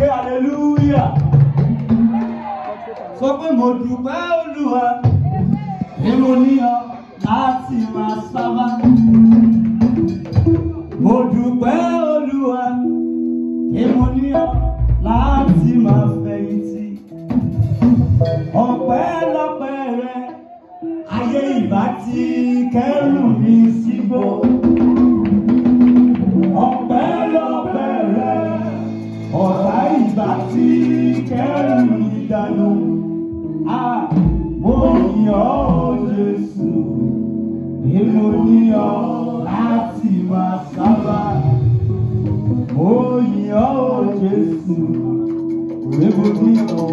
Ṣé aleluya? Sọ pé mo dúpẹ́ Olúwa, ni mo ní ọ láti máa sábà. Mo dúpẹ́ Olúwa, ni mo ní láti máa fẹ̀yìntì. Ọpẹ́lọpẹ́ rẹ, ayé ìbá ti kẹ́rù mi sígbó. tí kẹ́rù ìdáná a mo yìn ọ́ Jésù èmo ní ọ́ láti máa sábà mo yìn ọ́ Jésù èmo ní ọ́.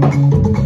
Thank you.